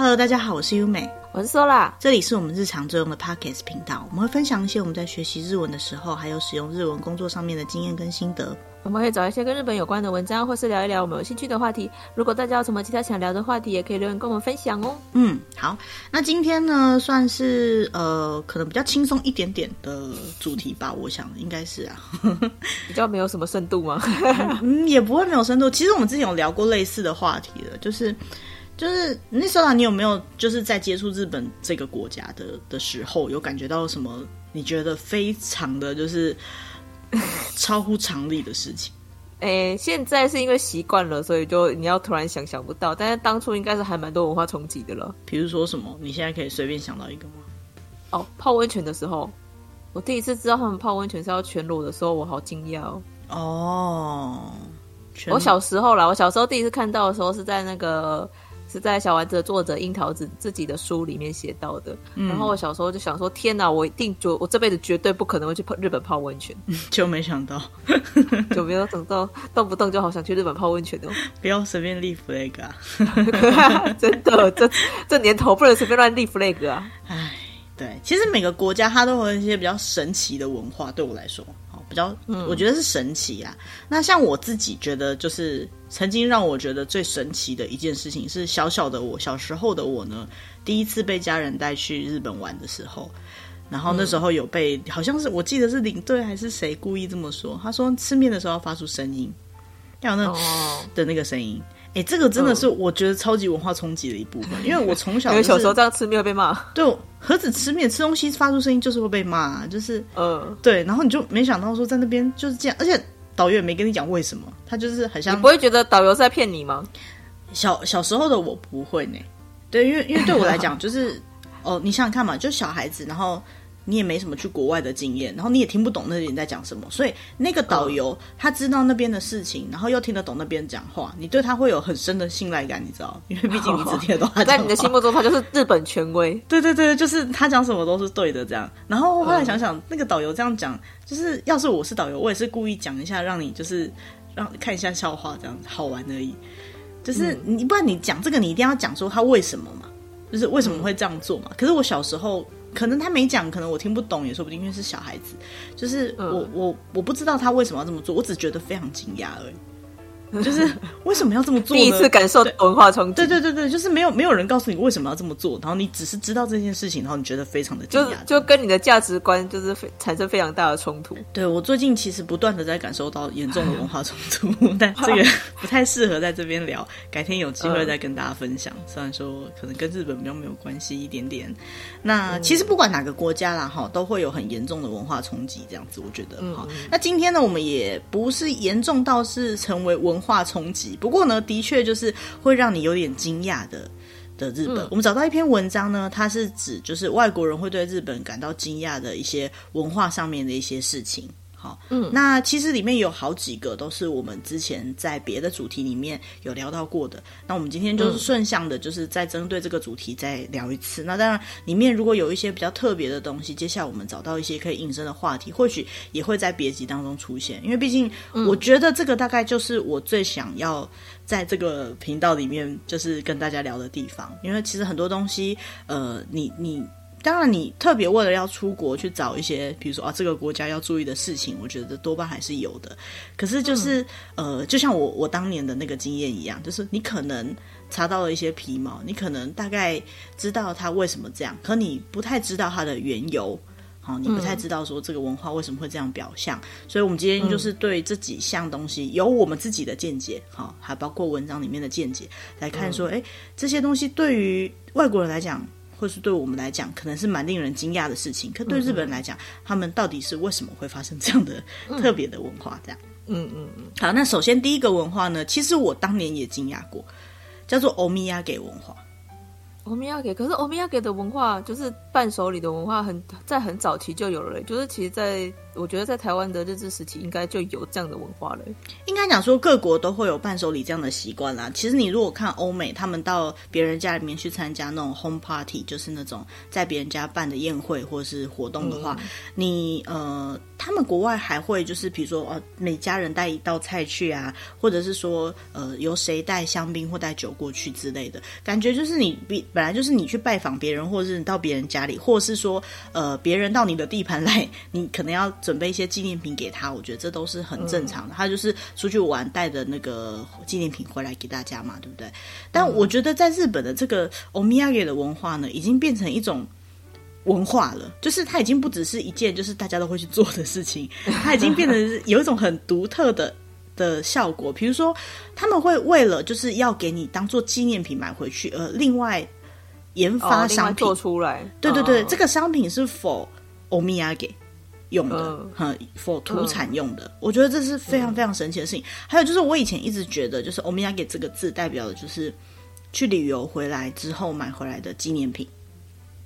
Hello，大家好，我是優美，我是 Sola。這裡是我們日常作用的 Podcast 頻道。我們會分享一些我們在學習日文的時候，還有使用日文工作上面的經驗跟心得。我們可以找一些跟日本有關的文章，或是聊一聊我們有興趣的話題。如果大家有什麼其他想聊的話題，也可以留言跟我們分享哦。嗯，好，那今天呢，算是呃，可能比較輕鬆一點點的主題吧。我想應該是啊， 比較沒有什麼深度嗎？ 嗯，也不會沒有深度。其實我們之前有聊過類似的話題了，就是。就是那時候，你有沒有就是在接觸日本這個國家的的時候，有感覺到什麼？你覺得非常的就是超乎常理的事情？誒、欸，現在是因為習慣了，所以就你要突然想想不到。但是當初應該是還蠻多文化衝擊的了。比如說什麼？你現在可以隨便想到一個嗎？哦，泡溫泉的時候，我第一次知道他們泡溫泉是要全裸的時候，我好驚訝哦。哦，我小時候啦，我小時候第一次看到的時候是在那個。是在《小丸子》的作者櫻桃子自己的書裡面寫到的、嗯。然後我小時候就想說：“天哪，我一定就我這輩子絕對不可能會去泡日本泡溫泉。”就沒想到， 就沒想到動不動就好想去日本泡溫泉的、喔。不要隨便立 flag，、啊、 真的，這這年頭不能隨便亂立 flag 啊！哎，對，其實每個國家它都有一些比較神奇的文化，對我來說。比較，我覺得是神奇呀、啊嗯。那像我自己覺得，就是曾經讓我覺得最神奇的一件事情，是小小的我小時候的我呢，第一次被家人帶去日本玩的時候，然後那時候有被，嗯、好像是我記得是領隊還是誰故意這麼說，他說吃麵的時候要發出聲音，要有那種、哦、的那個聲音。哎、欸，這個真的是我覺得超級文化衝擊的一部分，嗯、因為我從小、就是、因為小時候這樣吃麵會被罵，對，何止吃麵吃東西發出聲音就是會被罵，就是嗯，對，然後你就沒想到說在那邊就是這樣，而且導遊也沒跟你講為什麼，他就是很像，你不會覺得導遊在騙你嗎？小小時候的我不會呢，對，因為因為對我來講 就是哦，你想想看嘛，就小孩子然後。你也沒什麼去國外的經驗，然後你也聽不懂那些人在講什麼，所以那個導遊、哦、他知道那邊的事情，然後又聽得懂那邊講話，你對他會有很深的信賴感，你知道，因為畢竟你只聽得懂他、啊、在你的心目中，他就是日本權威。 對，對對對，就是他講什麼都是對的這樣。然後我後來想想、哦，那個導遊這樣講，就是要是我是導遊，我也是故意講一下，讓你就是讓看一下笑話，這樣好玩而已。就是、嗯、你不然你講這個，你一定要講說他為什麼嘛，就是為什麼會這樣做嘛。嗯、可是我小時候。可能他沒講，可能我聽不懂，也說不定，因為是小孩子，就是我我我不知道他為什麼要這麼做，我只覺得非常驚訝而已。就是為什麼要這麼做呢？ 第一次感受文化衝突。對對對對，就是沒有沒有人告訴你為什麼要這麼做，然後你只是知道這件事情，然後你覺得非常的驚訝，就跟你的價值觀就是非產生非常大的衝突。對，我最近其實不斷的在感受到嚴重的文化衝突、嗯，但這個不太適合在這邊聊，改天有機會再跟大家分享。雖、嗯、然說可能跟日本比較沒有關係一點點，那其實不管哪個國家啦哈，都會有很嚴重的文化衝擊這樣子，我覺得好、嗯嗯。那今天呢，我們也不是嚴重到是成為文化文化衝擊，不過呢，的確就是會讓你有點驚訝的的日本。嗯。我們找到一篇文章呢，它是指就是外國人會對日本感到驚訝的一些文化上面的一些事情。好，嗯，那其實裡面有好幾個都是我們之前在別的主題裡面有聊到過的。那我們今天就是順向的，就是再針對這個主題再聊一次。嗯、那當然，裡面如果有一些比較特別的東西，接下來我們找到一些可以引申的話題，或許也會在別集當中出現。因為畢竟，我覺得這個大概就是我最想要在這個頻道裡面就是跟大家聊的地方。因為其實很多東西，呃，你你。當然，你特別為了要出國去找一些，比如說啊，這個國家要注意的事情，我覺得多半還是有的。可是，就是、嗯、呃，就像我我當年的那個經驗一樣，就是你可能查到了一些皮毛，你可能大概知道它為什麼這樣，可你不太知道它的緣由，好、哦，你不太知道說這個文化為什麼會這樣表象。嗯、所以我們今天就是對這幾項東西、嗯、有我們自己的見解，好、哦，還包括文章裡面的見解來看說，說、嗯、哎，這些東西對於外國人來講。或是對我們來講，可能是蠻令人驚訝的事情。可對日本人來講，嗯，他們到底是為什麼會發生這樣的特別的文化？這樣嗯，嗯嗯嗯。好，那首先第一個文化呢，其實我當年也驚訝過，叫做歐米亞給文化。歐米亞給，可是歐米亞給的文化就是伴手禮的文化很，很在很早期就有了，欸，就是其實在，在我覺得，在台灣的日治時期應該就有這樣的文化了，欸。應該講說各國都會有伴手禮這樣的習慣啦。其實你如果看歐美，他們到別人家裡面去參加那種 home party，就是那種在別人家辦的宴會或者是活動的話，嗯嗯你呃。他們國外還會就是比如說哦，每家人帶一道菜去啊，或者是說呃，由誰帶香檳或帶酒過去之類的，感覺就是你比本來就是你去拜訪別人，或者是你到別人家裡，或者是說呃，別人到你的地盤來，你可能要準備一些紀念品給他。我覺得這都是很正常的，他就是出去玩帶的那個紀念品回來給大家嘛，對不對？但我覺得在日本的這個歐米亞給的文化呢，已經變成一種。文化了，就是它已經不只是一件就是大家都會去做的事情，它已經變得有一種很獨特的 的效果。比如說，他們會為了就是要給你當做紀念品買回去，而另外研发商品、哦、做出來。對對對，哦、這個商品是 for 歐米亞給用的，和、呃、for、嗯、土產用的、呃？我覺得這是非常非常神奇的事情。呃、還有就是，我以前一直覺得，就是歐米亞給這個字代表的就是去旅遊回來之後買回來的紀念品。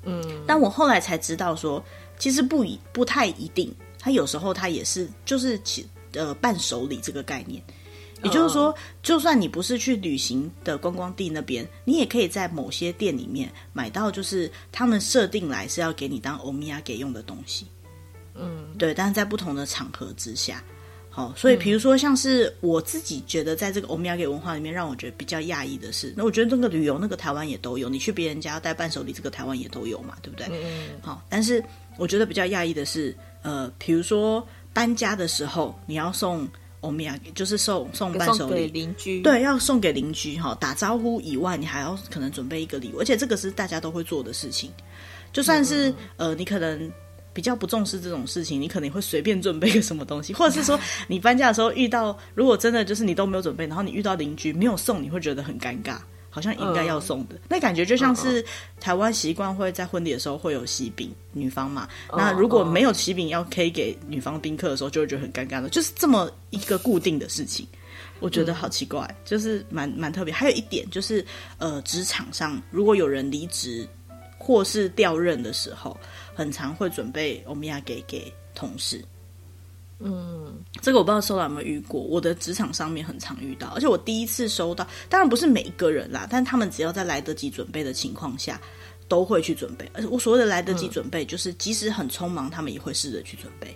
嗯，但我後來才知道說，說其實不一不太一定，他有時候他也是就是其呃伴手禮這個概念，也就是說，哦，就算你不是去旅行的觀光地那邊，你也可以在某些店裡面買到，就是他們設定來是要給你當歐米亞給用的東西。嗯，對，但是在不同的場合之下。好、哦，所以比如說，像是我自己覺得，在這個おみやげ文化裡面，讓我覺得比較訝異的是，那我覺得那個旅遊，那個台灣也都有，你去別人家要帶伴手禮，這個台灣也都有嘛，對不對？嗯、嗯。好、哦，但是我覺得比較訝異的是，呃，比如說搬家的時候，你要送おみやげ，就是送送伴手禮鄰居，對，要送給鄰居哈、哦，打招呼以外，你還要可能準備一個禮物，而且這個是大家都會做的事情，就算是嗯嗯呃，你可能。比較不重視這種事情，你可能會隨便準備個什麼東西，或者是說你搬家的時候遇到，如果真的就是你都沒有準備，然後你遇到鄰居沒有送，你會覺得很尷尬，好像應該要送的、嗯，那感覺就像是、嗯嗯、台灣習慣會在婚禮的時候會有喜餅，女方嘛、嗯，那如果沒有喜餅要可以給女方賓客的時候，就會覺得很尷尬的，就是這麼一個固定的事情，我覺得好奇怪，就是蠻蠻特別。還有一點就是，呃，職場上如果有人離職或是調任的時候。很常會準備，歐米亞給給同事。嗯，這個我不知道收到有沒有遇過。我的職場上面很常遇到，而且我第一次收到，當然不是每一個人啦，但他們只要在來得及準備的情況下，都會去準備。而且我所謂的來得及準備，嗯，就是即使很匆忙，他們也會試着去準備，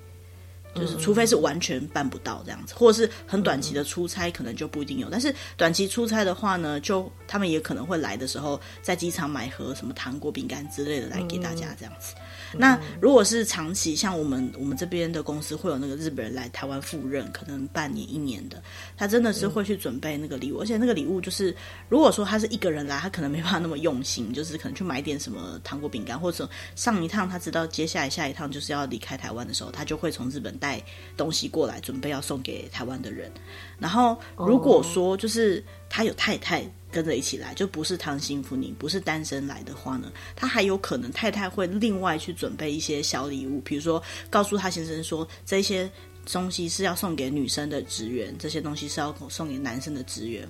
就是除非是完全辦不到這樣子，嗯，或者是很短期的出差，可能就不一定有。但是短期出差的話呢，就他們也可能會來的時候，在機場買盒什麼糖果、餅乾之類的來給大家這樣子。嗯。那如果是長期，像我們我們這邊的公司會有那個日本人來台灣赴任，可能半年一年的，他真的是會去準備那個禮物，嗯。而且那個禮物就是，如果說他是一個人來，他可能沒辦法那麼用心，就是可能去買點什麼糖果、餅乾，或者上一趟他知道接下來下一趟就是要離開台灣的時候，他就會從日本帶東西過來準備要送給台灣的人。然後如果說就是。哦他有太太跟着一起來，就不是單身赴任，不是單身來的話呢，他還有可能太太會另外去準備一些小禮物，比如說告訴他先生說，這些東西是要送給女生的職員，這些東西是要送給男生的職員，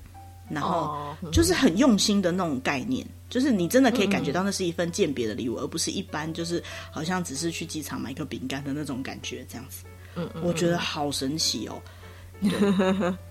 然後就是很用心的那種概念，就是你真的可以感覺到那是一份鑑別的禮物，嗯、而不是一般就是好像只是去機場買個餅乾的那種感覺這樣子。嗯，嗯，嗯，我覺得好神奇哦。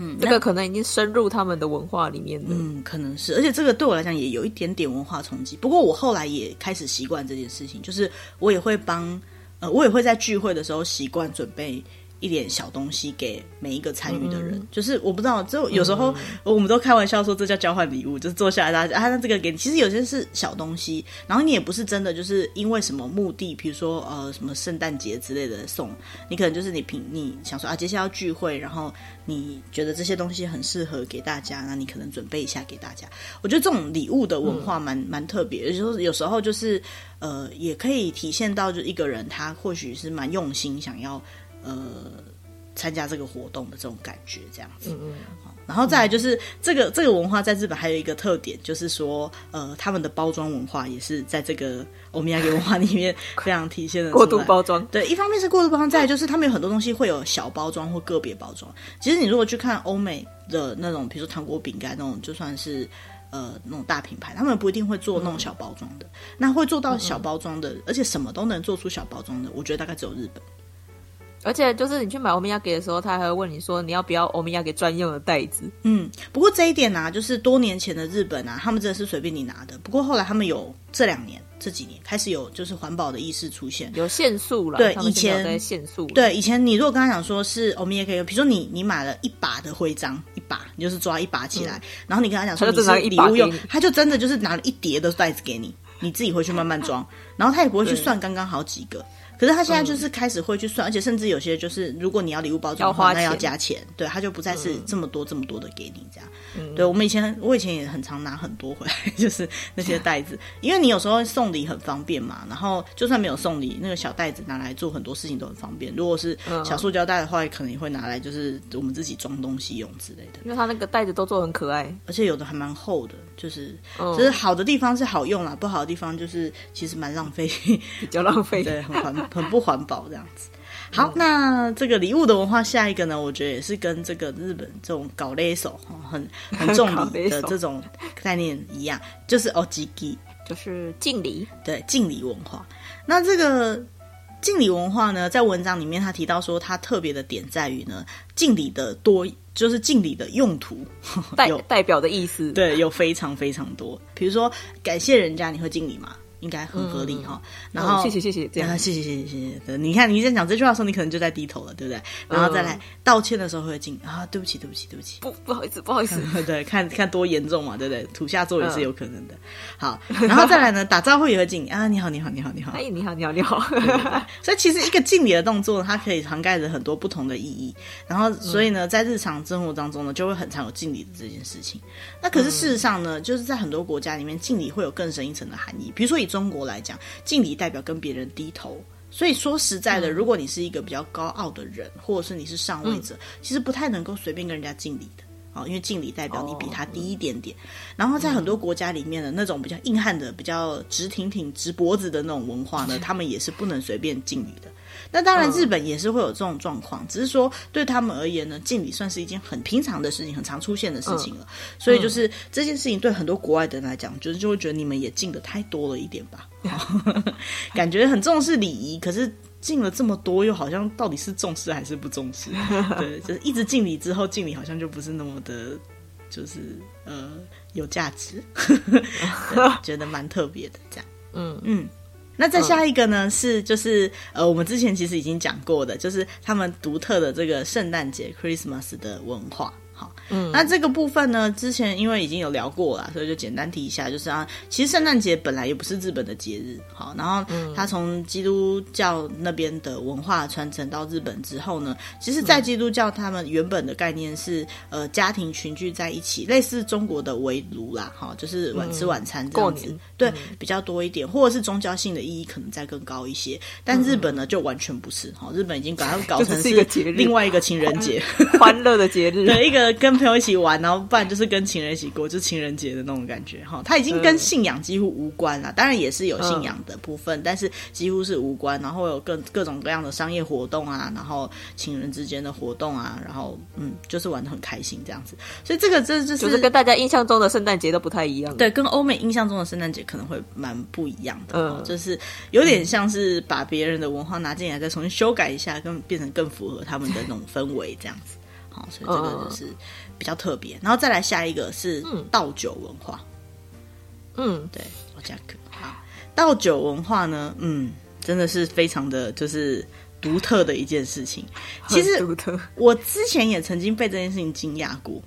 嗯那，這個可能已經深入他們的文化裡面了。嗯，可能是，而且這個對我來講也有一點點文化衝擊。不過我後來也開始習慣這件事情，就是我也會幫，呃，我也會在聚會的時候習慣準備。一點小東西給每一個參與的人、嗯，就是我不知道，就有時候我們都開玩笑說這叫交換禮物、嗯，就是坐下來大家啊，那這個給你，其實有些是小東西，然後你也不是真的就是因為什麼目的，比如說呃什麼聖誕節之類的送，你可能就是你憑你想說啊，接下來要聚會，然後你覺得這些東西很適合給大家，那你可能準備一下給大家。我覺得這種禮物的文化蠻蠻、嗯、特別，而且有時候就是呃也可以體現到，就一個人他或許是蠻用心想要。呃，參加這個活動的這種感覺，這樣子。嗯，嗯，然後再來就是這個、嗯、這個文化在日本還有一個特點，就是說呃，他們的包裝文化也是在這個おみやげ文化裡面非常體現的。過度包裝。對，一方面是過度包裝，再來就是他們有很多東西會有小包裝或個別包裝。其實你如果去看歐美的那種，比如說糖果餅乾那種，就算是呃那種大品牌，他們不一定會做那種小包裝的、嗯。那會做到小包裝的嗯嗯，而且什麼都能做出小包裝的，我覺得大概只有日本。而且就是你去買歐米亞給的時候，他還會問你說，你要不要歐米亞給專用的袋子。嗯，不過這一點吶、啊，就是多年前的日本啊，他們真的是隨便你拿的。不過後來他們有這兩年這幾年開始有就是環保的意識出現，有限速了。對，以前在在限速。對，以前你如果跟他講說是歐米亞給，比如說你你買了一把的徽章，一把你就是抓一把起來，嗯、然後你跟他講說你是禮物用他一，他就真的就是拿了一疊的袋子給你，你自己回去慢慢裝， 然後他也不會去算剛剛好幾個。可是他現在就是開始會去算，嗯、而且甚至有些就是，如果你要禮物包裝的話，那要加錢。對，他就不再是這麼多這麼多的給你這樣。嗯、對，我們以前我以前也很常拿很多回來，就是那些袋子，啊、因為你有時候送禮很方便嘛。然後就算沒有送禮，那個小袋子拿來做很多事情都很方便。如果是小塑膠袋的話，可能也會拿來就是我們自己裝東西用之類的。因為他那個袋子都做很可愛，而且有的還蠻厚的，就是、哦、就是好的地方是好用啦，不好的地方就是其實蠻浪費，比較浪費， 對，很環保。 很不環保這樣子。好，那這個禮物的文化，下一個呢？我覺得也是跟這個日本這種搞勒手很很重禮的這種概念一樣，就是哦，吉吉就是敬禮，對，敬禮文化。那這個敬禮文化呢，在文章裡面他提到說，他特別的點在於呢，敬禮的多，就是敬禮的用途有代代表的意思，對，有非常非常多。比如說，感謝人家，你會敬禮嗎？應該很合理哈、嗯哦，然後、哦、謝謝謝謝，這樣謝謝謝謝謝謝。謝謝謝謝你看你在講這句話的時候，你可能就在低頭了，對不對？然後再來、呃、道歉的時候會敬啊，對不起對不起對不起，不不好意思不好意思。意思嗯、對，看看多嚴重嘛，對不對？土下座也是有可能的、呃。好，然後再來呢， 打招呼也會敬啊，你好你好你好你好，哎你好你好你好 對對對。所以其實一個敬禮的動作，它可以涵蓋着很多不同的意義。然後所以呢，嗯、在日常生活當中呢，就會很常有敬禮的這件事情。那可是事實上呢，嗯、就是在很多國家裡面，敬禮會有更深一層的含義，比如說以。中國來講，敬禮代表跟別人低頭，所以說實在的，嗯，如果你是一個比較高傲的人，或者是你是上位者，嗯，其實不太能夠隨便跟人家敬禮的啊，哦，因為敬禮代表你比他低一點點。哦，然後在很多國家裡面的那種比較硬漢的、比較直挺挺、直脖子的那種文化呢，他們也是不能隨便敬禮的。嗯 那當然，日本也是會有這種狀況、嗯，只是說對他們而言呢，敬禮算是一件很平常的事情，很常出現的事情了。嗯、所以就是這件事情對很多國外的人來講，就是就會覺得你們也敬的太多了一點吧， 感覺很重視禮儀，可是敬了這麼多，又好像到底是重視還是不重視？對，就是一直敬禮之後，敬禮好像就不是那麼的，就是呃有價值， 覺得蠻特別的這樣。嗯嗯。那再下一個呢？Oh. 是就是呃，我們之前其實已經講過的，就是他們獨特的這個聖誕節 （Christmas） 的文化。嗯，那這個部分呢，之前因為已經有聊過了，所以就簡單提一下，就是啊，其實聖誕節本來也不是日本的節日，好，然後他從基督教那邊的文化傳承到日本之後呢，其實，在基督教他們原本的概念是、嗯、呃家庭群聚在一起，類似中國的圍爐啦，哈，就是晚吃晚餐這樣子，對、嗯，比較多一點，或者是宗教性的意義可能再更高一些，但日本呢、嗯、就完全不是，哈、哦，日本已經把它搞成是另外一個情人節，歡樂的節日，對，一個。 跟朋友一起玩，然後不然就是跟情人一起過，就情人節的那種感覺哈。他已經跟信仰幾乎無關了，嗯、當然也是有信仰的部分、嗯，但是幾乎是無關。然後有各各種各樣的商業活動啊，然後情人之間的活動啊，然後嗯，就是玩得很開心這樣子。所以這個這就是、就是、跟大家印象中的聖誕節都不太一樣。對，跟歐美印象中的聖誕節可能會蠻不一樣的、嗯，就是有點像是把別人的文化拿進來再重新修改一下，跟變成更符合他們的那種氛圍這樣子。 所以這個就是比較特別，然後再來下一個是倒酒文化。嗯，對，我家哥，倒酒文化呢，嗯，真的是非常的就是獨特的一件事情。其實我之前也曾經被這件事情驚訝過，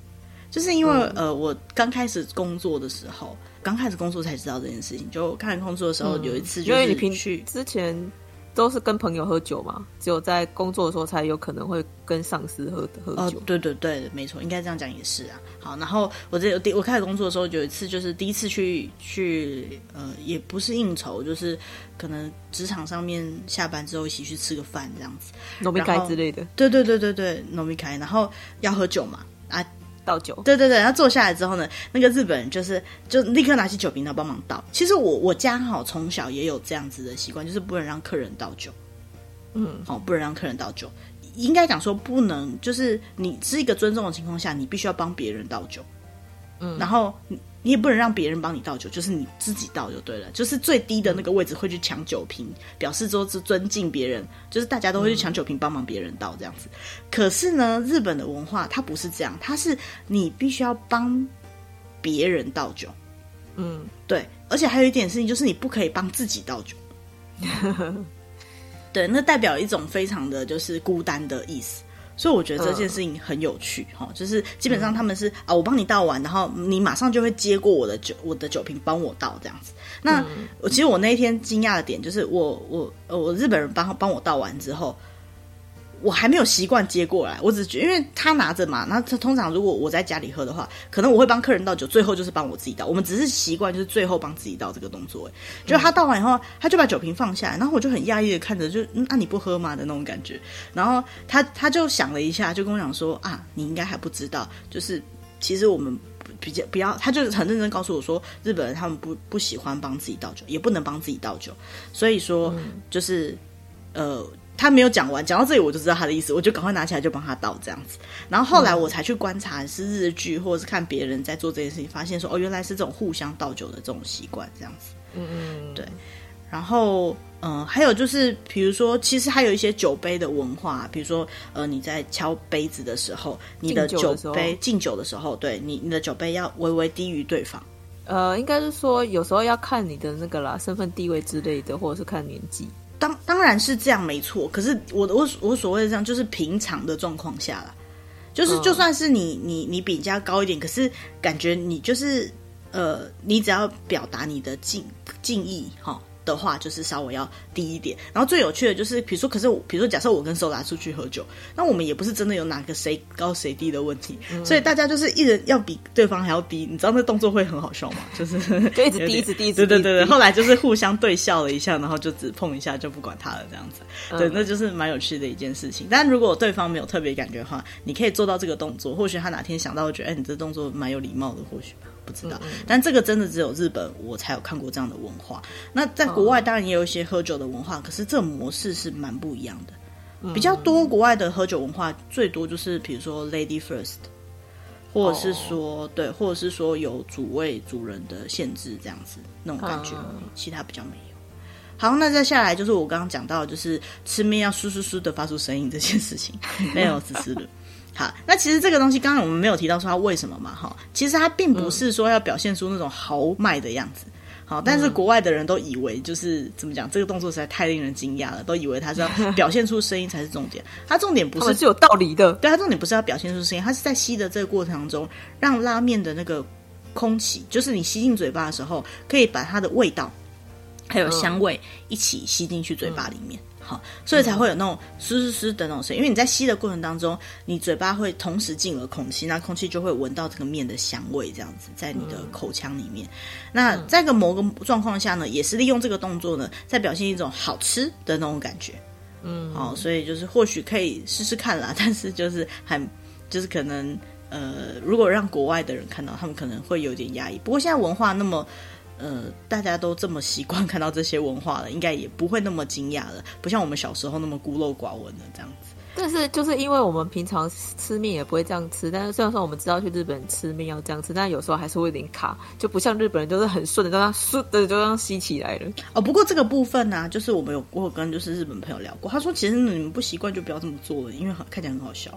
就是因為呃，我剛開始工作的時候，剛開始工作才知道這件事情。就剛開始工作的時候，有一次，因為你平時之前。都是跟朋友喝酒嘛，只有在工作的時候才有可能會跟上司喝喝酒，呃。對對對，沒錯，應該這樣講也是啊。好，然後我這我我開始工作的時候，有一次就是第一次去去呃，也不是應酬，就是可能職場上面下班之後一起去吃個飯這樣子，糯米開之類的。對對對對對，糯米開，然後要喝酒嘛啊。倒酒，對對對，然後坐下來之後呢，那個日本人就是就立刻拿起酒瓶，他幫忙倒。其實我我家好從小也有這樣子的習慣，就是不能讓客人倒酒，嗯，好、哦、不能讓客人倒酒，應該講說不能，就是你是一個尊重的情況下，你必須要幫別人倒酒，嗯，然後。你也不能讓別人幫你倒酒，就是你自己倒就對了。就是最低的那個位置會去搶酒瓶，嗯，表示說是尊敬別人，就是大家都會去搶酒瓶幫忙別人倒這樣子。可是呢，日本的文化它不是這樣，它是你必須要幫別人倒酒。嗯，對。而且還有一點事情，就是你不可以幫自己倒酒。 對，那代表一種非常的就是孤單的意思。所以我覺得這件事情很有趣哈、呃哦，就是基本上他們是、嗯、啊，我幫你倒完，然後你馬上就會接過我的酒，我的酒瓶幫我倒這樣子。那我、嗯、其實我那一天驚訝的點就是我，我我呃，我日本人幫幫我倒完之後。我還沒有習慣接過來，我只覺得因為他拿着嘛，那他通常如果我在家裡喝的話，可能我會幫客人倒酒，最後就是幫我自己倒。我們只是習慣就是最後幫自己倒這個動作，就他倒完以後，他就把酒瓶放下來，然後我就很訝異的看着，就那、嗯啊、你不喝嗎？的那種感覺。然後他他就想了一下，就跟我講說啊，你應該還不知道，就是其實我們比較不要，他就很認真告訴我說，日本人他們不不喜歡幫自己倒酒，也不能幫自己倒酒，所以說、嗯、就是呃。他沒有講完，講到這裡我就知道他的意思，我就趕快拿起來就幫他倒這樣子。然後後來我才去觀察是日劇，或者是看別人在做這件事情，發現說哦，原來是這種互相倒酒的這種習慣這樣子。嗯嗯嗯，對。然後嗯、呃，還有就是比如說，其實還有一些酒杯的文化、啊，比如說呃，你在敲杯子的時候，你的酒杯敬酒的，敬酒的時候，對你你的酒杯要微微低於對方。呃，應該是說有時候要看你的那個啦，身份地位之類的，或者是看年紀。當當然是這樣沒錯，可是我我我所謂的這樣就是平常的狀況下啦，就是就算是你你你比人家高一點，可是感覺你就是呃，你只要表達你的敬敬意哈，齁的話就是稍微要低一點，然後最有趣的就是，比如說，可是我比如說，假設我跟蘇達出去喝酒，那我們也不是真的有哪個誰高誰低的問題，嗯，所以大家就是一人要比對方還要低，你知道那動作會很好笑嗎？就是就一直低，一 直低，對對對對，後來就是互相對笑了一下，然後就只碰一下就不管他了這樣子，對，嗯、那就是蠻有趣的一件事情。但如果對方沒有特別感覺的話，你可以做到這個動作，或許他哪天想到覺得、欸、你這動作蠻有禮貌的，或許不知道。嗯嗯，但這個真的只有日本我才有看過這樣的文化。那在國外當然也有一些喝酒的文化，哦、可是這模式是蠻不一樣的、嗯。比較多國外的喝酒文化，最多就是比如說 Lady First，或者是說、哦、對，或者是說有主位主人的限制這樣子那種感覺、哦，其他比較沒有。好，那再下來就是我剛剛講到，就是吃面要簌簌簌的發出聲音這件事情，沒有只是的。 好，那其實這個東西，剛剛我們沒有提到說它為什麼嘛，哈，其實它並不是說要表現出那種豪邁的樣子，好、嗯，但是國外的人都以為就是怎麼講，這個動作實在太令人驚訝了，都以為他是要表現出聲音才是重點，它重點不是好，是有道理的，對，它重點不是要表現出聲音，它是在吸的這個過程當中，讓拉面的那個空氣，就是你吸進嘴巴的時候，可以把它的味道還有香味一起吸進去嘴巴裡面。嗯嗯哦、所以才會有那種嘶嘶嘶的那種聲音，因為你在吸的過程當中，你嘴巴會同時進了空氣，那空氣就會聞到這個麵的香味，這樣子在你的口腔裡面。嗯、那在一個某個狀況下呢，也是利用這個動作呢，在表現一種好吃的那種感覺。嗯，好、哦，所以就是或許可以試試看啦，但是就是很，就是可能呃，如果讓國外的人看到，他們可能會有點壓抑。不過現在文化那麼。呃，大家都這麼習慣看到這些文化了，應該也不會那麼驚訝了，不像我們小時候那麼孤陋寡聞的這樣子。但是，就是因為我們平常吃麵也不會這樣吃，但是雖然說我們知道去日本吃麵要這樣吃，但是有時候還是會有點卡，就不像日本人就是很順的，這樣順的就這樣吸起來了。哦，不過這個部分呢，啊，就是我們有我有跟就是日本朋友聊過，他說其實你們不習慣就不要這麼做了，因為看起來很好笑。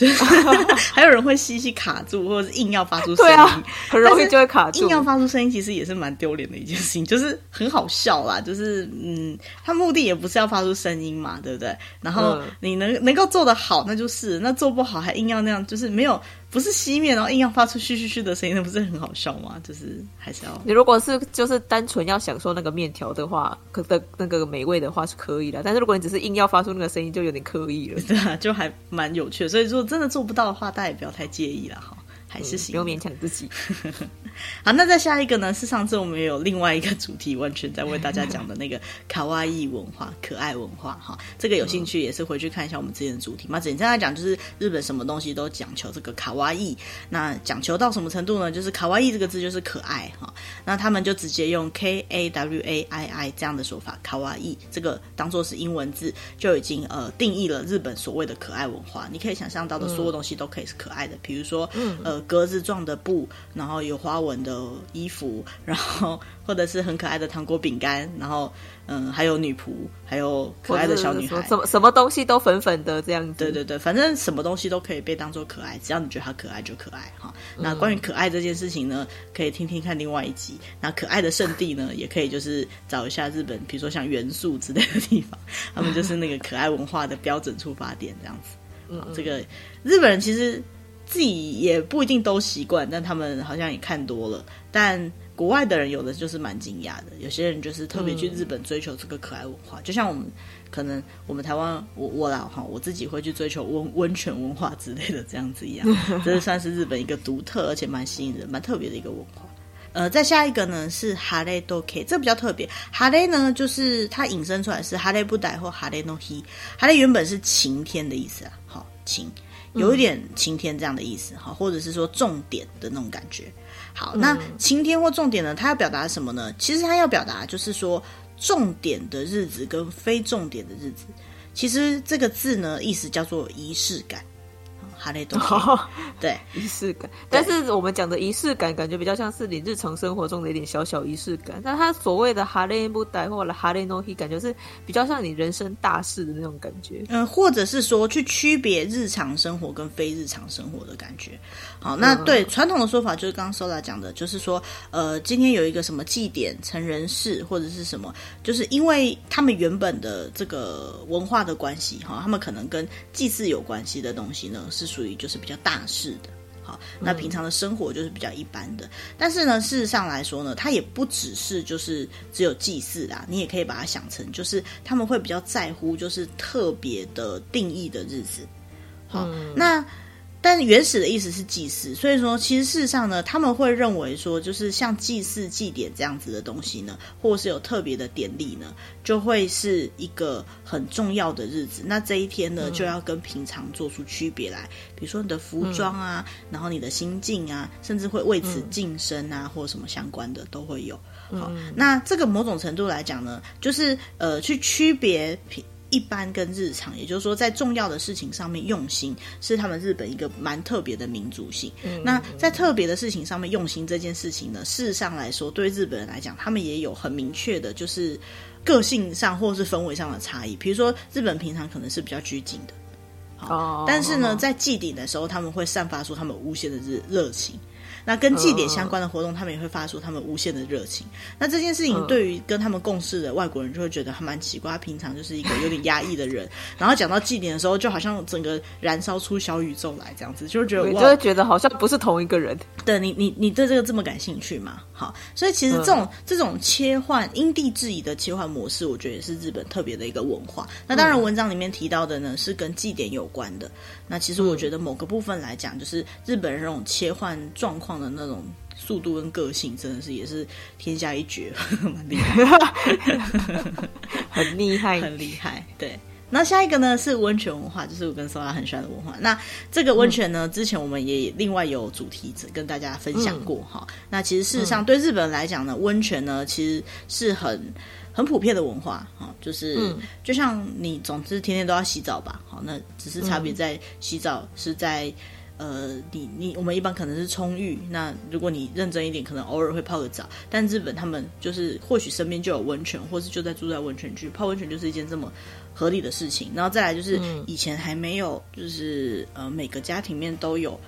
還有人會吸吸卡住，或者是硬要發出聲音、 對啊，很容易就會卡住。硬要發出聲音，其實也是蠻丟臉的一件事情，就是很好笑啦，就是嗯，他目的也不是要發出聲音嘛，對不對？然後你能、嗯、能夠做得好，那就是那做不好還硬要那樣，就是沒有。不是吸麵，然後硬要發出噓噓噓的聲音，那不是很好笑嗎？就是還是要你如果是就是單純要享受那個麵條的話，的那個美味的話是可以的，但是如果你只是硬要發出那個聲音，就有點刻意了，對啊，就還蠻有趣，所以如果真的做不到的話，大家也不要太介意了哈。好。還是喜、嗯、不用勉強自己。 好，那再下一個呢？是上次我們也有另外一個主題，完全在為大家講的那個卡哇伊文化、可愛文化。哈， 這個有興趣、嗯、也是回去看一下我們之前的主題嘛。簡單來講，就是日本什麼東西都講求這個卡哇伊。那講求到什麼程度呢？就是卡哇伊這個字就是可愛哈。那他們就直接用 K A W A I I 這樣的說法，卡哇伊這個當做是英文字，就已經呃定義了日本所謂的可愛文化。你可以想象到的所有東西都可以是可愛的，比如說呃。嗯格子狀的布，然後有花紋的衣服，然後或者是很可愛的糖果餅乾，然後嗯，還有女僕，還有可愛的小女孩，是是是什麼什麼東西都粉粉的這樣子。對對對，反正什麼東西都可以被當做可愛，只要你覺得它可愛就可愛哈。那、哦嗯、關於可愛這件事情呢，可以聽聽看另外一集。那可愛的聖地呢，也可以就是找一下日本， 比如說像原宿之類的地方，他們就是那個可愛文化的標準出發點這樣子。哦、嗯、嗯，這個日本人其實。自己也不一定都習慣，但他們好像也看多了。但國外的人有的就是蠻驚訝的，有些人就是特別去日本追求這個可愛文化。嗯、就像我們可能我們台灣我我老哈，我自己會去追求溫溫泉文化之類的這樣子一樣，這 算是日本一個獨特而且蠻吸引人、蠻特別的一個文化。呃，再下一個呢是哈雷都 k 這個、比較特別。哈雷呢就是它引申出來是哈雷不歹或哈雷諾伊哈雷原本是晴天的意思啊，好晴。有一點晴天這樣的意思哈、嗯，或者是說重點的那種感覺。好，那晴天或重點呢？它要表達什麼呢？其實它要表達就是說重點的日子跟非重點的日子。其實這個字呢，意思叫做儀式感。哈雷多，對儀式感，但是我們講的儀式感，感覺比較像是你日常生活中的一點小小儀式感。那他所謂的哈雷布代或者哈雷諾希，感覺是比較像你人生大事的那種感覺。嗯，或者是說去區別日常生活跟非日常生活的感覺。好，那對，嗯，傳統的說法就是剛剛 Sola 講的，就是說，呃，今天有一個什麼祭典、成人式或者是什麼，就是因為他們原本的這個文化的關係，哈，他們可能跟祭祀有關係的東西呢是說。屬於就是比較大事的，好，那平常的生活就是比較一般的、嗯。但是呢，事實上來說呢，它也不只是就是只有祭祀啦，你也可以把它想成就是他們會比較在乎就是特別的定義的日子，好，嗯、那。但原始的意思是祭祀，所以說其實事實上呢，他們會認為說，就是像祭祀、祭典這樣子的東西呢，或是有特別的典禮呢，就會是一個很重要的日子。那這一天呢，就要跟平常做出區別來，比如說你的服裝啊，嗯、然後你的心境啊，甚至會為此淨身啊，嗯、或什麼相關的都會有。好、嗯，那這個某種程度來講呢，就是呃，去區別平一般跟日常，也就是說，在重要的事情上面用心，是他們日本一個蠻特別的民族性。嗯嗯嗯，那在特別的事情上面用心這件事情呢，事實上來說，對日本人來講，他們也有很明確的，就是個性上或是氛圍上的差異。比如說，日本平常可能是比較拘謹的，哦，但是呢，哦哦，在祭典的時候，他們會散發出他們無限的熱熱情。那跟祭典相關的活動，嗯，他們也會發出他們無限的熱情。那這件事情對於跟他們共事的外國人，就會覺得還蠻奇怪。他平常就是一個有點壓抑的人， 然後講到祭典的時候，就好像整個燃燒出小宇宙來，這樣子，就會覺得我就會覺得好像不是同一個人。對你，你，你對這個這麼感興趣嘛？好，所以其實這種，嗯、這種切換因地制宜的切換模式，我覺得也是日本特別的一個文化。那當然，文章裡面提到的呢，是跟祭典有關的。那其實我覺得某個部分來講，嗯、就是日本人那種切換狀況的那種速度跟個性，真的是也是天下一絕， 蠻厲害 很厲害，很厲害，很厲害。對，那下一個呢是溫泉文化，就是我跟蘇拉很喜歡的文化。那這個溫泉呢，嗯、之前我們也另外有主題跟大家分享過哈、嗯。那其實事實上，對日本人來講呢，溫泉呢其實是很。很普遍的文化啊，就是、嗯、就像你，總之天天都要洗澡吧，好，那只是差別在洗澡是在、嗯、呃，你你我們一般可能是沖浴。那如果你認真一點，可能偶爾會泡個澡，但日本他們就是或許身邊就有溫泉，或是就在住在溫泉區泡溫泉，就是一件這麼合理的事情，然後再來就是以前還沒有就是、嗯、呃，每個家庭面都有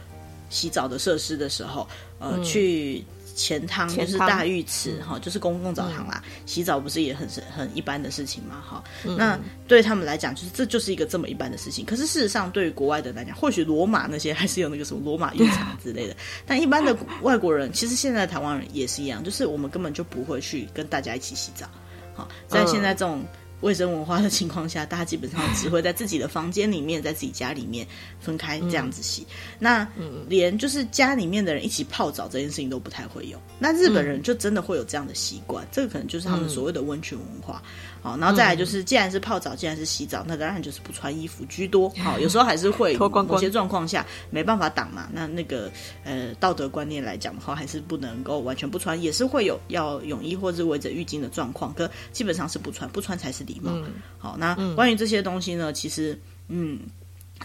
洗澡的設施的時候，呃、嗯、去。前湯，前湯就是大浴池哈、嗯哦，就是公共澡堂啦、嗯，洗澡不是也很是很一般的事情嘛哈、哦嗯。那對他們來講，就是這就是一個這麼一般的事情。可是事實上，對於國外的人來講，或許羅馬那些還是有那個什麼羅馬浴場之類的。 但一般的國外國人，其實現在的台灣人也是一樣，就是我們根本就不會去跟大家一起洗澡。好、哦，在現在這種。嗯衛生文化的情況下，大家基本上只會在自己的房間裡面， 在自己家裡面分開這樣子洗。嗯，那連就是家裡面的人一起泡澡這件事情都不太會有。那日本人就真的會有這樣的習慣，嗯，這個可能就是他們所謂的溫泉文化。嗯嗯好，然後再來就是，既然是泡澡、嗯，既然是洗澡，那當然就是不穿衣服居多。好，有時候還是會，有些狀況下沒辦法擋嘛。那那個呃道德觀念來講的話，還是不能夠完全不穿，也是會有要泳衣或者圍着浴巾的狀況。可基本上是不穿，不穿才是禮貌。嗯、好，那關於這些東西呢，其實嗯，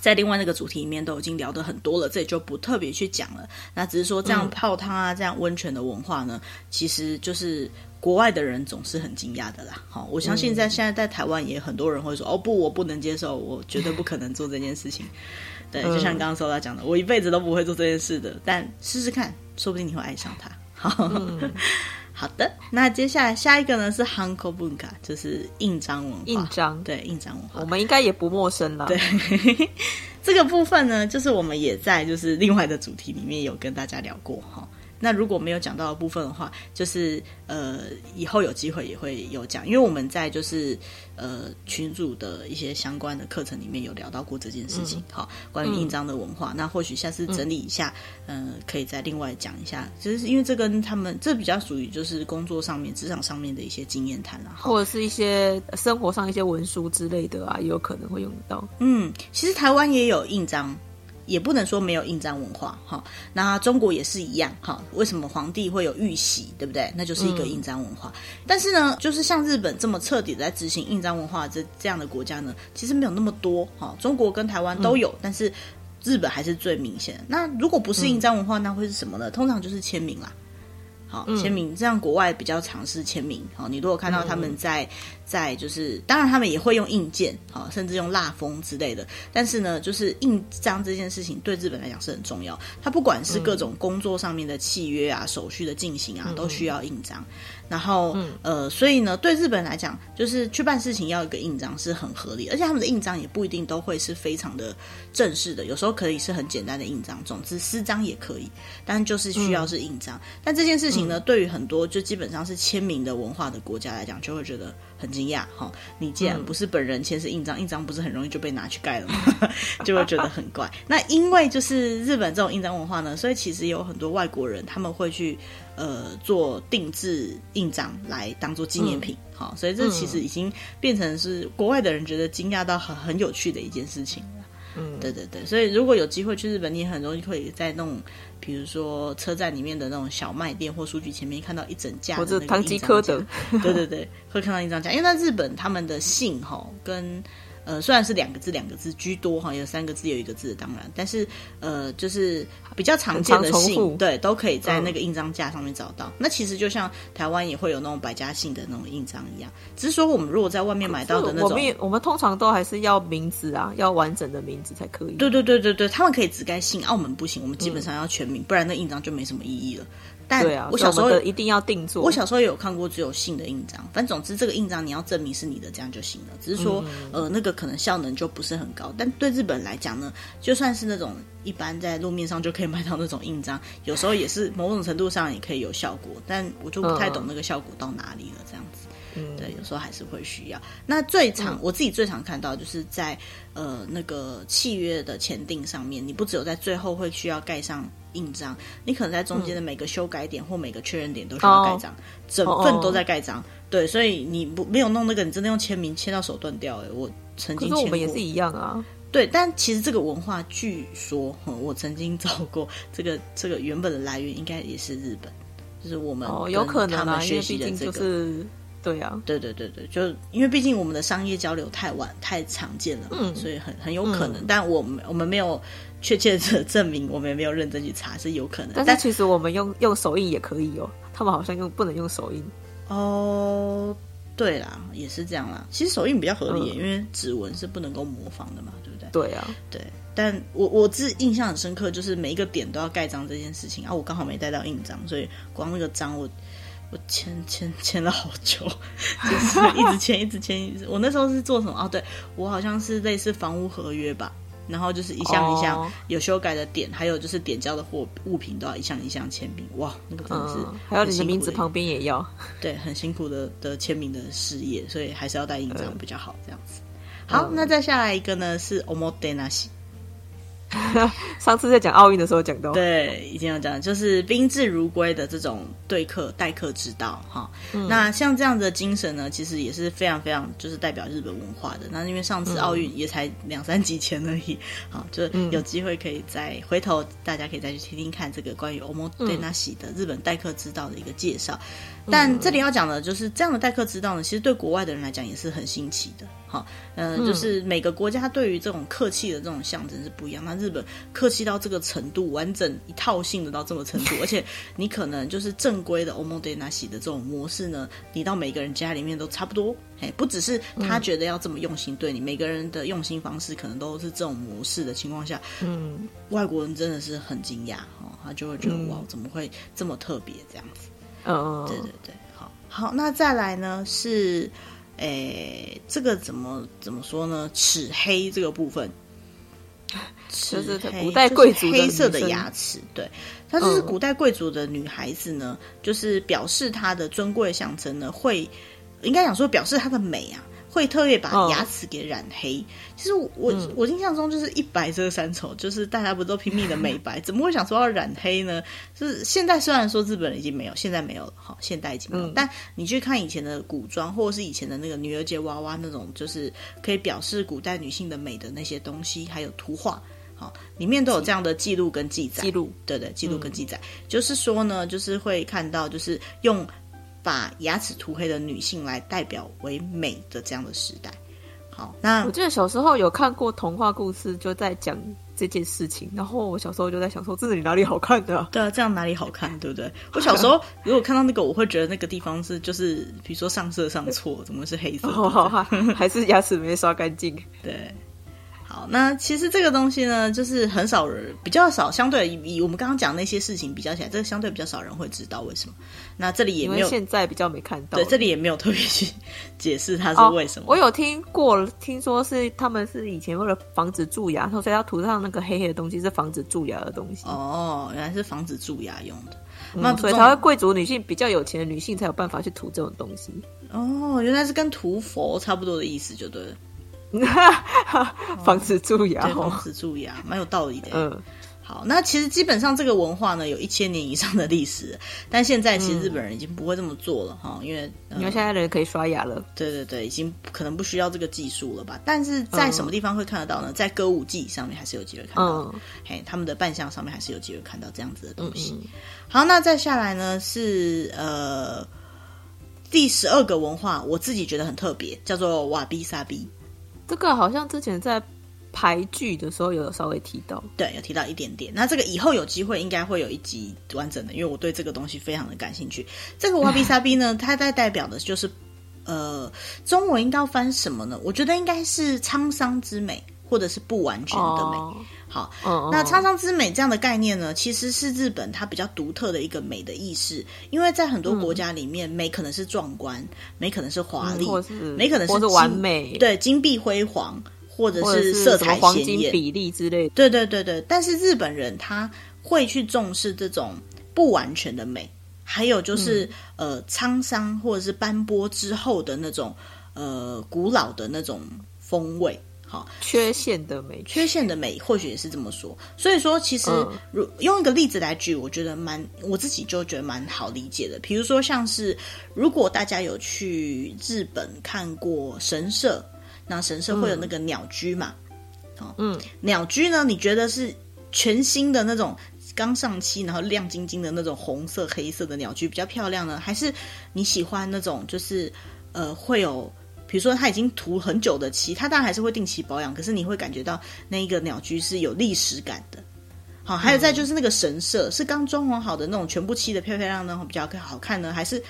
在另外那個主題裡面都已經聊得很多了，這也就不特別去講了。那只是說這樣泡湯啊，嗯、這樣溫泉的文化呢，其實就是。國外的人總是很驚訝的啦，好、哦，我相信在現在在台灣也很多人會說，嗯、哦不，我不能接受，我絕對不可能做這件事情。 對，就像剛剛說到講的，我一輩子都不會做這件事的，但試試看，說不定你會愛上它。好、 嗯，好的，那接下來下一個呢是 Hanko Bunka，就是印章文化，印章，對印章文化，我們應該也不陌生了。對， 這個部分呢，就是我們也在就是另外的主題裡面有跟大家聊過哈。哦那如果沒有講到的部分的話，就是呃，以後有機會也會有講，因為我們在就是呃群組的一些相關的課程裡面有聊到過這件事情，嗯、好，關於印章的文化。嗯、那或許下次整理一下，嗯，呃、可以再另外講一下，其、就、實是因為這跟他們這比較屬於就是工作上面、職場上面的一些經驗談啊，或者是一些生活上一些文書之類的啊，也有可能會用到。嗯，其實台灣也有印章。也不能說沒有印章文化哈、哦，那中國也是一樣哈、哦。為什麼皇帝會有玉璽，對不對？那就是一個印章文化、嗯。但是呢，就是像日本這麼徹底的在執行印章文化這這樣的國家呢，其實沒有那麼多哈、哦。中國跟台灣都有、嗯，但是日本還是最明顯的。那如果不是印章文化、嗯，那會是什麼呢？通常就是簽名啦。好、哦嗯，簽名，這樣國外比較常是簽名。好、哦，你如果看到他們在嗯嗯。在在就是，當然他們也會用印鑑啊，甚至用蠟封之類的。但是呢，就是印章這件事情對日本來講是很重要。他不管是各種工作上面的契約啊、嗯、手續的進行啊，都需要印章。嗯、然後、嗯、呃，所以呢，對日本來講，就是去辦事情要一個印章是很合理。而且他們的印章也不一定都會是非常的正式的，有時候可以是很簡單的印章，總之私章也可以，但就是需要是印章。嗯、但這件事情呢，嗯、對於很多就基本上是簽名的文化的國家來講，就會覺得。很驚訝哈！你既然不是本人簽，是印章，印章不是很容易就被拿去蓋了嗎？ 就會覺得很怪。那因為就是日本這種印章文化呢，所以其實有很多外國人他們會去呃做定制印章來當做紀念品、嗯。所以這其實已經變成是國外的人覺得驚訝到很很有趣的一件事情了。嗯，對對對，所以如果有機會去日本，你很容易可以再弄。比如說車站裡面的那種小賣店或書局前面，看到一整架或者唐吉訶德，對對對，會看到一張架，因為在日本他們的姓吼跟。呃，雖然是兩個字，兩個字居多哈，哦，有三個字，有一個字當然，但是呃，就是比較常見的姓，對，都可以在那個印章架上面找到。嗯、那其實就像台灣也會有那種百家姓的那種印章一樣，只是說我們如果在外面買到的那種我，我們通常都還是要名字啊，要完整的名字才可以。對對對對對，他們可以只蓋姓，澳門不行，我們基本上要全名，嗯、不然那印章就沒什麼意義了。但、啊、我小時候一定要定做。我小時候也有看過只有姓的印章，反正總之這個印章你要證明是你的這樣就行了。只是說，嗯、呃，那個可能效能就不是很高。但對日本來講呢，就算是那種一般在路面上就可以買到那種印章，有時候也是某種程度上也可以有效果。但我就不太懂那個效果到哪裡了，這樣子、嗯。對，有時候還是會需要。那最常我自己最常看到就是在呃那個契約的簽訂上面，你不只有在最後會需要蓋上。印章，你可能在中間的每個修改點或每個確認點都需要蓋章、嗯，整份都在蓋章、哦。對，所以你不沒有弄那個，你真的用簽名簽到手斷掉、欸。哎，我曾經簽過，可是我們也是一樣啊。對，但其實這個文化，據說、嗯、我曾經找過這個這個原本的來源，應該也是日本，就是我們，們、這個哦、有可能他們學習的就是對啊，對對對對，就是因為畢竟我們的商業交流太晚太常見了，嗯，所以很很有可能，嗯、但我們我們沒有。確切的證明，我們也沒有認真去查，是有可能。但其實我們用用手印也可以哦。他們好像用不能用手印。哦，對啦，也是這樣啦。其實手印比較合理，嗯、因為指紋是不能夠模仿的嘛，對不對？對啊，對。但我我自印象很深刻，就是每一個點都要蓋章這件事情啊。我剛好沒帶到印章，所以光那個章我，我我簽簽簽了好久，就 是 一直簽一直簽一直。我那時候是做什麼？哦、啊，對我好像是類似房屋合約吧。然後就是一項一項有修改的點，oh. 還有就是點交的貨物品都要一項一項簽名，哇，那個真的是的、嗯，還有你的名字旁邊也要，對，很辛苦的的簽名的事業，所以還是要帶印章比較好，嗯、這樣子。好，oh. 那再下來一個呢是 Omotenashi 上次在講奧運的時候講到、哦，對，已經有講，就是賓至如歸的這種對客待客之道哈。那像這樣的精神呢，其實也是非常非常，就是代表日本文化的。那因為上次奧運也才兩三集前而已，好、嗯哦，就有機會可以再、嗯、回頭，大家可以再去聽聽看這個關於おもてなし的、嗯、日本待客之道的一個介紹。但這裡要講的就是這樣的待客之道呢，其實對國外的人來講也是很新奇的。哈、哦呃、嗯，就是每個國家對於這種客氣的這種象徵是不一樣。那日本客氣到這個程度，完整一套性的到這麼程度， 而且你可能就是正規的 omotenashi 的這種模式呢，你到每個人家裡面都差不多。哎，不只是他覺得要這麼用心對你、嗯，每個人的用心方式可能都是這種模式的情況下，嗯，外國人真的是很驚訝哈、哦，他就會覺得、嗯、哇，怎麼會這麼特別這樣子？嗯、oh.，對對對，好，好，那再來呢是，誒、欸，這個怎麼怎麼說呢？齒黑這個部分，齒、就是古代貴族、就是、黑色的牙齒，對，它就是古代貴族的女孩子呢，oh. 就是表示她的尊貴象徵呢，會應該講說表示她的美啊。會特別把牙齒給染黑。哦、其實我、嗯、我印象中就是一白遮三醜，就是大家不都拼命的美白、嗯，怎麼會想說要染黑呢？就是現在雖然說日本已經沒有，現在沒有了哈，現在已經沒有了、嗯。但你去看以前的古裝，或者是以前的那個女兒節娃娃那種，就是可以表示古代女性的美的那些東西，還有圖畫，哦、裡面都有這樣的記錄跟記載。記錄對對，記錄跟記載、嗯，就是說呢，就是會看到就是用。把牙齒塗黑的女性來代表為美的這樣的時代，好，那我記得小時候有看過童話故事，就在講這件事情。然後我小時候就在想說，這裡哪裡好看的啊？對啊，這樣哪裡好看？對不對？我小時候 如果看到那個，我會覺得那個地方是就是，比如說上色上錯，怎麼是黑色？ 哦，好好，還是牙齒沒刷乾淨？對。好，那其實這個東西呢，就是很少人比較少，相對以我們剛剛講那些事情比較起來，這個相對比較少人會知道為什麼。那這裡也沒有，因為現在比較沒看到。對，這裡也沒有特別去解釋它是為什麼。哦，我有聽過，聽說是他們是以前為了防止蛀牙，所以要塗上那個黑黑的東西，是防止蛀牙的東西。哦，原來是防止蛀牙用的。嗯，那所以，才會貴族女性比較有錢的女性才有辦法去塗這種東西。哦，原來是跟塗氟差不多的意思，就對了。防止蛀牙，防止蛀牙，蠻有道理的。嗯，好，那其實基本上這個文化呢，有一千年以上的歷史，但現在其實日本人已經不會這麼做了哈、哦，因為、呃、因為現在的人可以刷牙了。對對對，已經可能不需要這個技術了吧？但是在什麼地方會看得到呢？在歌舞伎上面還是有機會看到的、嗯，嘿，他們的扮相上面還是有機會看到這樣子的東西。嗯嗯好，那再下來呢是呃第十二個文化，我自己覺得很特別，叫做瓦比薩比。這個好像之前在俳句的時候有稍微提到，對，有提到一點點。那這個以後有機會應該會有一集完整的，因為我對這個東西非常的感興趣。這個哇比沙比呢， 它在代表的就是，呃，中文應該要翻什麼呢？我覺得應該是滄桑之美。或者是不完全的美，哦、好，嗯、那滄桑之美這樣的概念呢，其實是日本它比較獨特的一個美的意識。因為在很多國家裡面，嗯、美可能是壯觀，美可能是華麗、嗯，美可能是、是完美，對，金碧輝煌，或者是色彩鮮艷、比例之類的。對，對，對，對。但是日本人他會去重視這種不完全的美，還有就是、嗯、呃滄桑或者是斑駁之後的那種呃古老的那種風味。好，缺陷的美，缺陷的美，缺陷的美或許也是這麼說。嗯。所以說，其實如用一個例子來舉，我覺得蠻，我自己就覺得蠻好理解的。比如說，像是如果大家有去日本看過神社，那神社會有那個鳥居嘛，嗯，嗯鳥居呢，你覺得是全新的那種剛上漆，然後亮晶晶的那種紅色、黑色的鳥居比較漂亮呢，還是你喜歡那種就是呃會有？比如說，他已經塗很久的漆，他當然還是會定期保養。可是你會感覺到那一個鳥居是有歷史感的。好、嗯，還有再就是那個神社是剛裝潢好的那種全部漆的漂漂亮亮，比較更好看呢，還是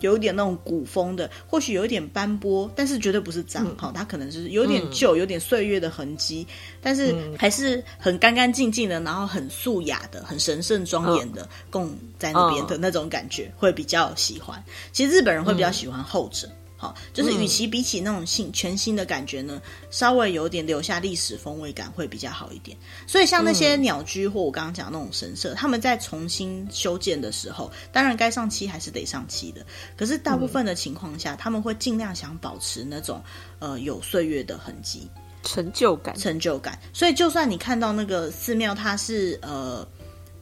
有一點那種古風的，或許有一點斑駁，但是絕對不是髒。好、嗯，它可能就是有點舊、嗯，有點歲月的痕迹，但是還是很乾干淨淨的，然後很素雅的，很神聖莊嚴的供、哦、在那邊的那種感覺、哦、會比較喜歡。其實日本人會比較喜歡後者。嗯後者好，就是與其比起那種新全新的感覺呢，嗯、稍微有點留下歷史風味感會比較好一點。所以像那些鳥居或我剛剛講的那種神社、嗯，他們在重新修建的時候，當然該上漆還是得上漆的。可是大部分的情況下、嗯，他們會盡量想保持那種呃有歲月的痕跡、成就感、成就感。所以就算你看到那個寺廟，它是呃。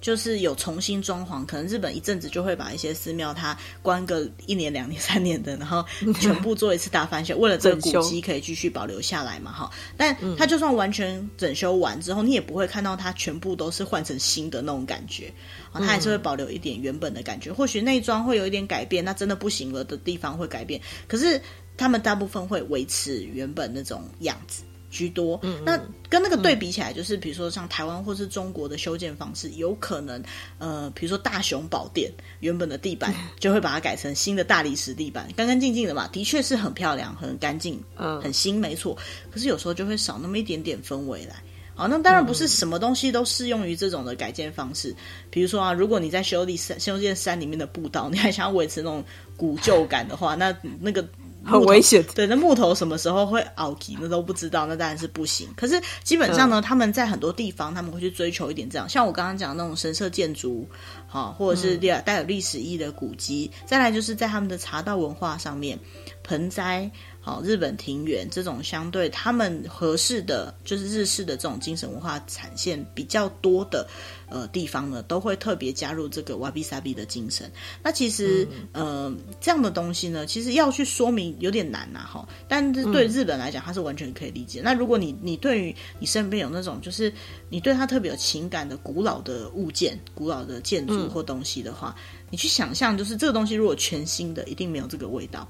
就是有重新裝潢，可能日本一陣子就會把一些寺廟它關個一年、兩年、三年的，然後全部做一次大翻修， 修為了這個古跡可以繼續保留下來嘛，哈。但它就算完全整修完之後，你也不會看到它全部都是換成新的那種感覺，它還是會保留一點原本的感覺。 或許內裝會有一點改變，那真的不行了的地方會改變，可是他們大部分會維持原本那種樣子。居多，那跟那個對比起來，就是比如說像台灣或是中國的修建方式，嗯、有可能，呃，比如說大雄寶殿原本的地板、嗯、就會把它改成新的大理石地板，乾乾淨淨的嘛，的確是很漂亮、很乾淨、嗯、很新，沒錯。可是有時候就會少那麼一點點氛圍來。好，那當然不是什麼東西都適用於這種的改建方式。嗯、比如說啊，如果你在修理山修建山裡面的步道，你還想要維持那種古舊感的話，那那個。很危險，對，那木頭什麼時候會凹陷，那都不知道，那當然是不行。可是基本上呢、嗯，他們在很多地方，他們會去追求一點這樣，像我剛剛講的那種神社建築，好、哦，或者是帶有歷史意義的古蹟、嗯、再來就是在他們的茶道文化上面，盆栽。好，日本庭園這種相對他們合適的，就是日式的這種精神文化展現，比較多的，呃，地方呢，都會特別加入這個瓦比薩比的精神。那其實、嗯，呃，這樣的東西呢，其實要去說明有點難吶，哈。但是對日本來講，它是完全可以理解的、嗯。那如果你你對於你身邊有那種就是你對它特別有情感的古老的物件、古老的建築或東西的話，嗯，你去想象，就是這個東西如果全新的，一定沒有這個味道。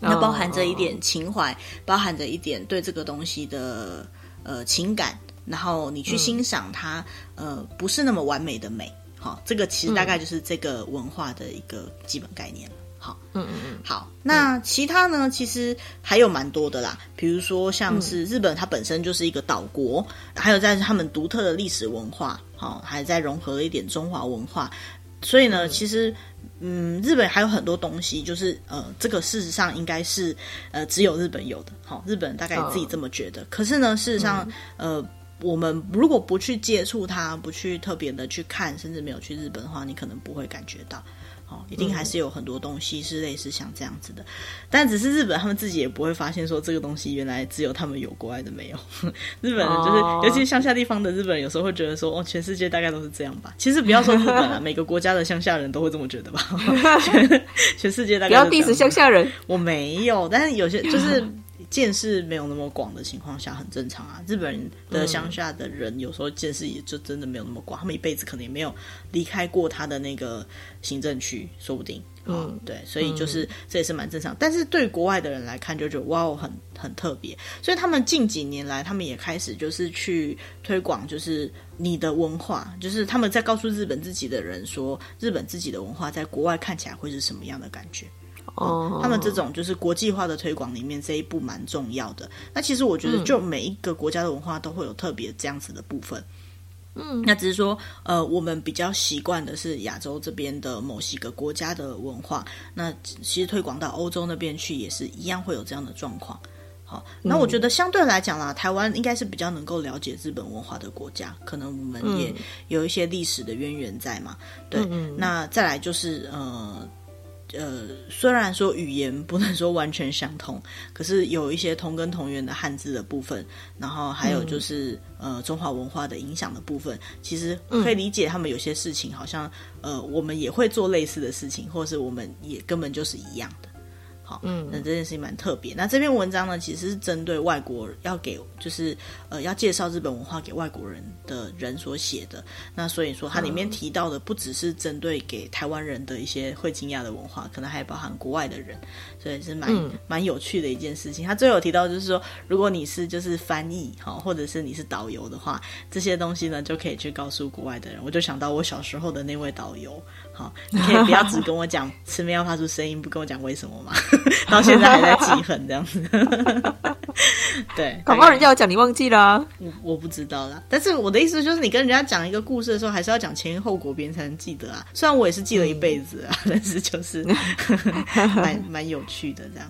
哦哦哦，那包含着一點情懷、哦哦哦哦哦，包含着一點對這個東西的呃情感，然後你去欣賞它、嗯，呃，不是那麼完美的美，好、哦，這個其實大概就是這個文化的一個基本概念，好、嗯，嗯嗯嗯，好、哦，嗯嗯，那其他呢，其實還有蠻多的啦，比如說像是日本，它本身就是一個島國，還有在他們獨特的歷史文化，好、哦，還在融合了一點中華文化。所以呢，其實，嗯，日本還有很多東西，就是呃，這個事實上應該是，呃，只有日本有的。好，日本大概自己這麼覺得。可是呢，事實上，嗯、呃，我們如果不去接觸它，不去特別的去看，甚至沒有去日本的話，你可能不會感覺到。哦、一定還是有很多東西是類似像這樣子的，嗯、但只是日本他們自己也不會發現說這個東西原來只有他們有，國外的沒有。 日本人就是，哦、尤其是鄉下地方的日本人有時候會覺得說，哦，全世界大概都是這樣吧。其實不要說日本啊， 每個國家的鄉下人都會這麼覺得吧。全 全世界大概不要 diss 鄉下人，我沒有，但是有些就是。 見識沒有那麼廣的情況下，很正常啊。日本的鄉下的人，有時候見識也就真的沒有那麼廣、嗯。他們一輩子可能也沒有離開過他的那個行政區，說不定嗯。嗯，對，所以就是、嗯、這也是蠻正常。但是對國外的人來看，就覺得哇、wow, 哦，很很特別。所以他們近幾年來，他們也開始就是去推廣，就是你的文化，就是他們在告訴日本自己的人說，日本自己的文化在國外看起來會是什麼樣的感覺。哦、嗯，他們這種就是國際化的推廣裡面這一步蠻重要的。那其實我覺得，就每一個國家的文化都會有特別這樣子的部分。嗯，那只是說，呃，我們比較習慣的是亞洲這邊的某幾個國家的文化。那其實推廣到歐洲那邊去也是一樣會有這樣的狀況。好，那我覺得相對來講啦，台灣應該是比較能夠了解日本文化的國家，可能我們也有一些歷史的淵源在嘛。對，嗯嗯，那再來就是，呃。呃，雖然說語言不能說完全相同，可是有一些同根同源的漢字的部分，然後還有就是、嗯、呃中華文化的影響的部分，其實可以理解他們有些事情，好像呃我們也會做類似的事情，或是我們也根本就是一樣的。嗯，那這件事情蠻特別。那這篇文章呢，其實是針對外國要給，就是呃，要介紹日本文化給外國人的人所寫的。那所以說，它裡面提到的不只是針對給台灣人的一些會驚訝的文化，可能還包含國外的人。所以是蠻蠻有趣的一件事情。他最後有提到就是說，如果你是就是翻譯哈，或者是你是導遊的話，這些東西呢，就可以去告訴國外的人。我就想到我小時候的那位導遊，好，你可以不要只跟我講吃麵要發出聲音，不跟我講為什麼嘛， 到現在還在記恨這樣子。 對，廣、哎、告人家講你忘記了、啊，我我不知道啦。但是我的意思就是，你跟人家講一個故事的時候，還是要講前因後果，別人才能記得啊。雖然我也是記了一輩子啊、嗯，但是就是蠻蠻 有趣的這樣。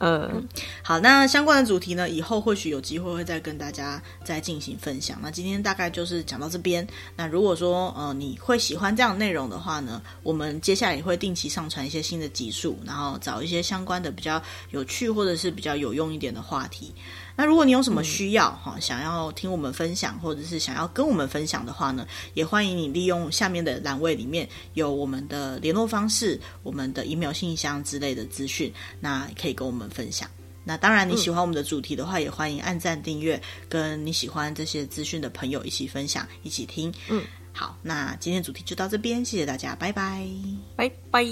嗯，好，那相關的主題呢，以後或許有機會會再跟大家再進行分享。那今天大概就是講到這邊。那如果說呃你會喜歡這樣內容的話呢，我們接下來也會定期上傳一些新的集數，然後找一些相關的比較有趣或者是比較有用一點的話題。那如果你有什麼需要哈、嗯，想要聽我們分享，或者是想要跟我們分享的話呢，也歡迎你利用下面的欄位裡面有我們的聯絡方式、我們的 email 信箱之類的資訊，那可以跟我們分享。那當然你喜歡我們的主題的話，嗯、也歡迎按讚訂閱，跟你喜歡這些資訊的朋友一起分享、一起聽。嗯，好，那今天主題就到這邊，謝謝大家，拜拜，拜拜。